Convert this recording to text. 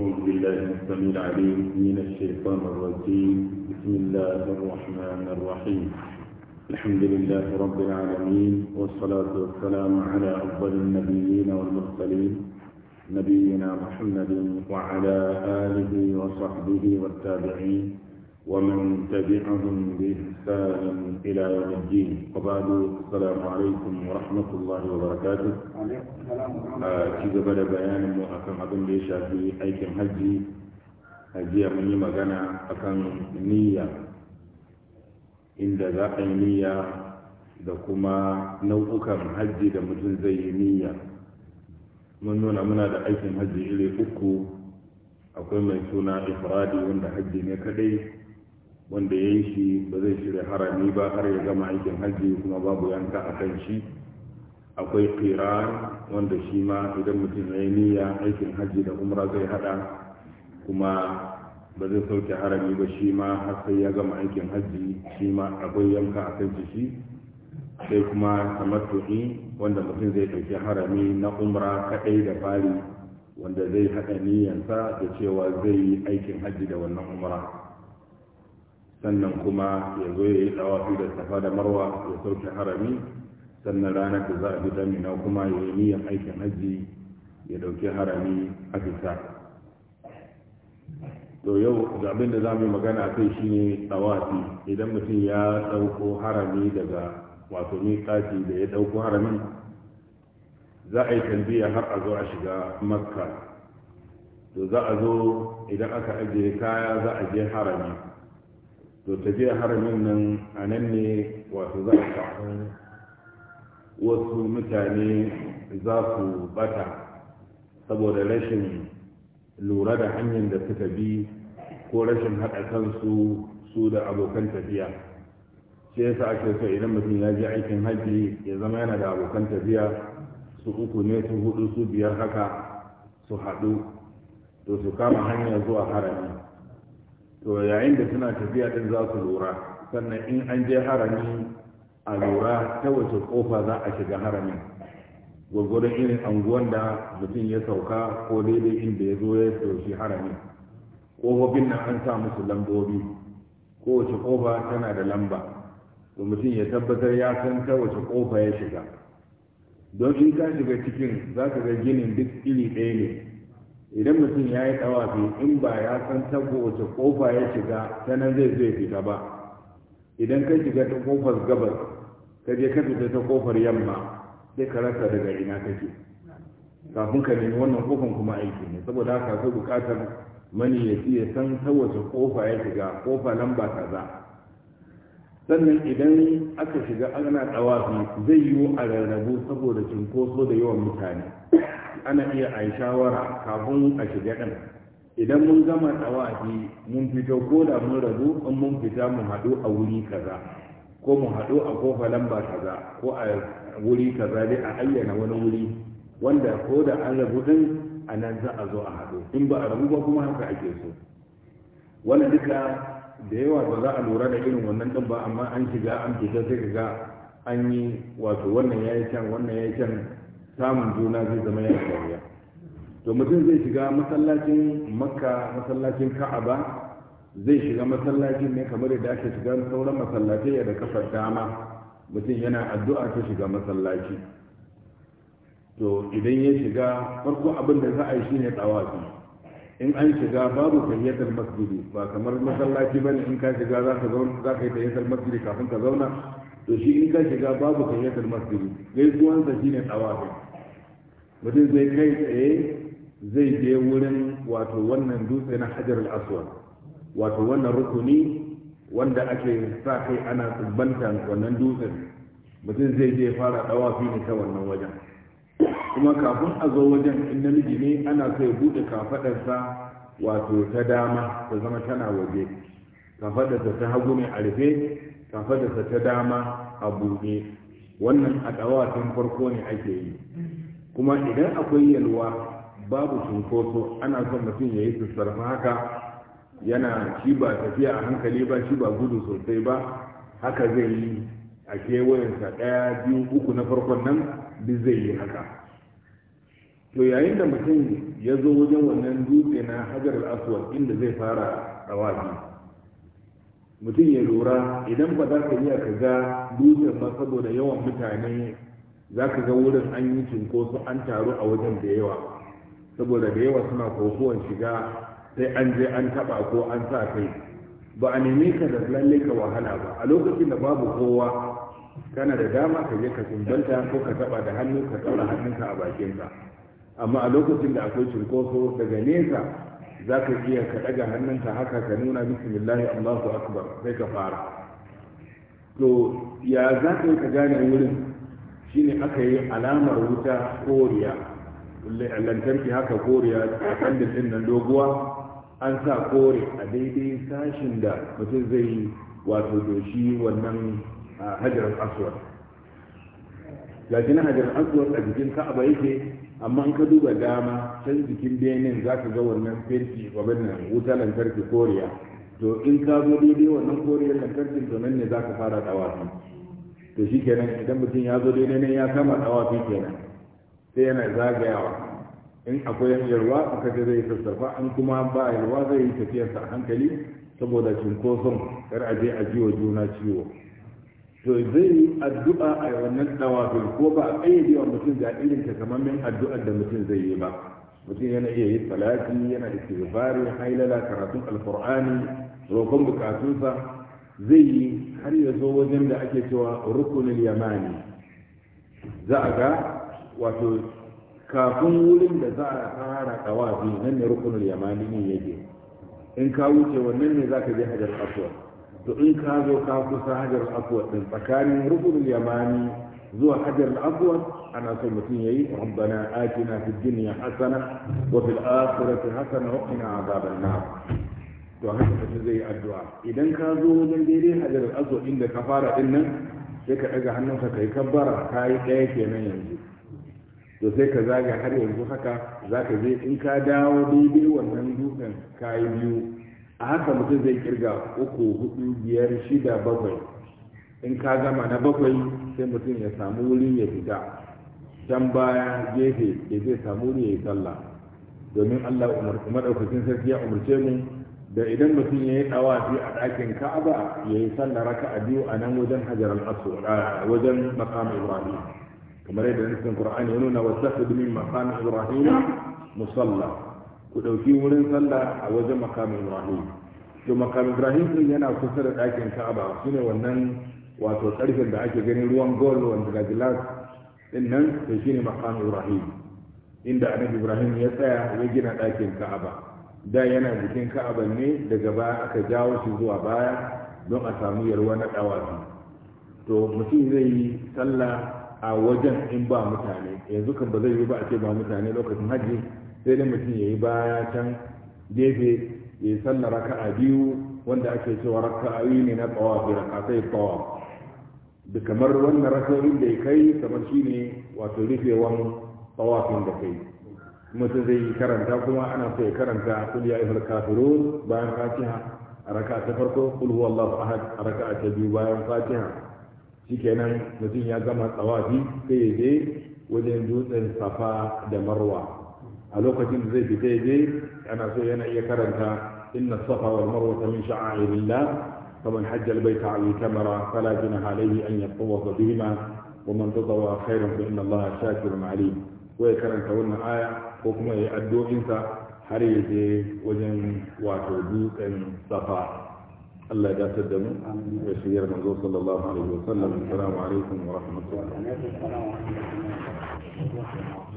أعوذ بالله السميع العليم من الشيطان الرجيم بسم الله الرحمن الرحيم الحمد لله رب العالمين والصلاة والسلام على أفضل النبيين والمرسلين نبينا محمد وعلى آله وصحبه والتابعين ومن تبعهم بإحسان إلى يوم الدين وبعد السلام عليكم ورحمة الله وبركاته كذا بدا بيان مؤكم أبن ليشا في أيكم حجي حجي من مغانا كان نية عند ذاق نية da kuma nau'ukan hajji da mutum zai yi niyya mun nuna muna da aikin أكو iri uku akwai mai suna ifradi wanda wanda ya yi shi ba zai shirya harami ba har ya gama aikin hajji kuma babu yanka a kan shi akwai qiran wanda shi ma idan mutum ya yi niyya aikin hajji da umra zai hada kuma ba zai sauke harami ba shi ma har sai ya gama aikin hajji shi ma akwai yanka a kan shi sai kuma tamattu'i wanda mutum zai ɗauki harami na umra kadai da fari wanda zai haɗa niyyansa da cewa zai yi aikin hajji da wannan umra sannan kuma ya zo ya yi tawafi da safa da marwa ya sauke harami sannan ranar da za a fi damina kuma ya yi niyyar aikin hajji ya dauki harami a fita to yau da abin da za mu yi magana a kai shine tawafi idan mutum ya dauko harami daga wato miƙati da ya dauko haramin za a yi tambiya har a zo a shiga makka to za a zo idan aka ajiye kaya za a je harami to tafiya haramin nan a nan ne wato za a samu wasu mutane za su bata saboda rashin lura da hanyar da suka bi ko rashin haɗa kansu su da abokan tafiya shi yasa ake so idan mutum ya je aikin hajji ya zama yana da abokan tafiya su uku ne su hudu su biyar haka su haɗu to su kama hanyar zuwa harami to yayin da suna tafiya din za su lura sannan in an je harami a lura ta wace kofa za a shiga haramin gwagwarin irin anguwan da mutum ya sauka ko daidai inda ya zo ya doshi haramin ƙofofin nan an sa musu lambobi kowace kofa tana da lamba to mutum ya tabbatar ya san ta wace kofa ya shiga don in ka shiga cikin za ka ga ginin duk iri ɗaya ne idan mutum ya yi tawafi in ba ya san tabo wace kofa ya shiga ta nan zai zai fita ba idan ka shiga ta kofar gabas ka je ka fita ta kofar yamma sai ka rasa daga ina kake kafin ka nemi wannan kofan kuma aiki ne saboda haka sai bukatar mani ya san ta wace kofa ya shiga kofa nan lamba kaza sannan idan aka shiga ana tawafi zai yiwu a rarrabu saboda cinkoso da yawan mutane ana iya a yi shawara kafin a shiga ɗan. idan mun gama tawafi mun fito ko da mun rabu in mun fita mu haɗu a wuri kaza ko mu haɗu a kofa lamba kaza ko a wuri kaza dai a ayyana wani wuri wanda ko da an rabu din a nan za a zo a haɗu in ba a rabu ba kuma haka ake so wani duka da yawa ba za a lura da irin wannan din ba amma an shiga an fita sai ka ga an yi wato wannan ya yi can wannan ya yi can samun juna zai zama ya kariya to mutum zai shiga masallacin makka masallacin ka'aba zai shiga masallacin ne kamar yadda ake shiga sauran ya da kafar dama mutum yana addu'a ta shiga masallaci to idan ya shiga farko abin da za a yi shine tawafi in an shiga babu tahiyatul masjidi ba kamar masallaci ba in ka shiga za ka za ka yi masjidi kafin ka zauna to shi in ka shiga babu kayyatar masjidi gaisuwansa shine tsawafi mutum zai kai tsaye zai je wurin wato wannan dutse na hajar al-aswad wato wannan rukuni wanda ake sa kai ana tsubbantan wannan dutsen mutum zai je fara dawafi ne ta wannan wajen kuma kafin a zo wajen in namiji ne ana so ya bude kafadarsa wato ta dama ta zama tana waje kafadarsa ta hagu ne a rufe da ta dama a buɗe wannan a tun farko ne ake yi kuma idan akwai yalwa babu cunkoso ana son mutum ya yi sassarfa haka yana shi ba tafiya a hankali ba shi ba gudu sosai ba haka zai yi a kewayensa ɗaya biyu uku na farkon nan duk zai yi haka to yayin da mutum ya zo wajen wannan dutse na hajar aswad inda zai fara ɗawafi mutum ya lura idan ba za ka iya ka ga dutsen ba saboda yawan mutane za ka ga wurin an yi cinkoso an taru a wajen da yawa saboda da yawa suna kokowar shiga sai an je an taba ko an sa kai ba a nemi ka da lalle ka wahala ba a lokacin da babu kowa kana da dama ka je ka sumbanta ko ka taba da hannu ka tsaura hannunka a bakinka amma a lokacin da akwai cinkoso daga nesa za ka iya ka ɗaga hannunka haka ka nuna bismillahi allahu akbar sai ka fara to ya za ka yi ka gane wurin shine aka yi alamar wuta koriya lantarki haka koriya a kan din nan doguwa an sa kore a daidai sashin da mutum zai yi wato doshi wannan hajar aswad gashi na hajar aswad a jikin ka'aba yake amma in ka duba dama sai jikin benin za ka ga wannan fenti abin nan wuta lantarki koriya to in ka zo daidai wannan koriyar lantarkin to nan ne za ka fara dawafi to shi kenan idan mutum ya zo daidai ne ya kama dawafi kenan sai yana zagayawa in akwai yarwa a ce zai sassafa an kuma ba yarwa zai yi tafiyarsa a hankali saboda cinkoson kar a je a ji wa juna ciwo to zai yi addu'a a wannan dawafin ko ba a ƙayyade wa mutum ga irin takamammen addu'ar da mutum zai yi ba mutum yana iya yin salati yana da istighfari hailala karatun alkur'ani roƙon bukatunsa zai yi har ya zo wajen da ake cewa rukunin yamani za a ga wato kafin wurin da za a fara kawafi nan ne rukunin yamani ne yake in ka wuce wannan ne za ka je hajar aswad to in ka zo ka kusa hajar aswad din tsakanin rukunin yamani zuwa hajar al ana son mutum yayi rabbana atina fid dunya hasana wa fil akhirati hasana wa qina adhaban nar to haka mutum zai yi addu'a idan ka zo wajen daidai hajar al inda ka fara din nan sai ka daga hannunka kai kabbara kai daya kenan yanzu to sai ka zaga har yanzu haka zaka je in ka dawo daidai wannan dukan kayi biyu a haka mutum zai kirga uku hudu biyar shida bakwai in ka gama na bakwai sai mutum ya samu wuri ya fita can baya gefe ya zai samu wuri ya yi sallah domin Allah madaukakin sarki ya umarce mu da idan mutum ya yi tawafi a ɗakin Ka'aba ya yi sallah raka a biyu a nan wajen Hajar al'asu a wajen makam Ibrahim kamar yadda nufin Qur'ani ya nuna wasu wasaqid min makam Ibrahim musalla ku ɗauki wurin sallah a wajen makam Ibrahim to makamin Ibrahim yana kusa da ɗakin Ka'aba shine wannan wato karfen da ake ganin ruwan gol wanda ga gilas din nan to shine maqam ibrahim inda annabi ibrahim ya tsaya ya gina ɗakin ka'aba da yana jikin ka'aba ne daga baya aka jawo shi zuwa baya don a samu yalwa na ɗawafi to mutum zai yi sallah a wajen in ba mutane yanzu kan ba zai yi ba a ce ba mutane lokacin hajji sai dai mutum ya yi baya can gefe ya yi sallah raka'a biyu wanda ake cewa raka'ayi ne na tsawafi raka'a sai tsawaf da kamar wannan rasoyin da ya kai kamar shi ne wato rufewan tawafin da kai mutum zai yi karanta kuma ana so ya karanta kul ya ayyuhal kafirun bayan fatiha a raka ta farko kul allah ahad a raka ta biyu bayan fatiha shikenan mutum ya gama tsawafi sai ya je wajen dutsen safa da marwa a lokacin da zai fita ya je ana so yana iya karanta inna safa wal marwa min sha'airillah فمن حج البيت عن الكاميرا فلا جناح عليه أن يطوف بهما ومن تطوع خيرا فإن الله شاكر عليم ويكرن تولنا آية وكما يأدو انت حريته وجن وتوجوك صفاء الله يقدم ويخير من صلى الله عليه وسلم السلام عليكم ورحمة الله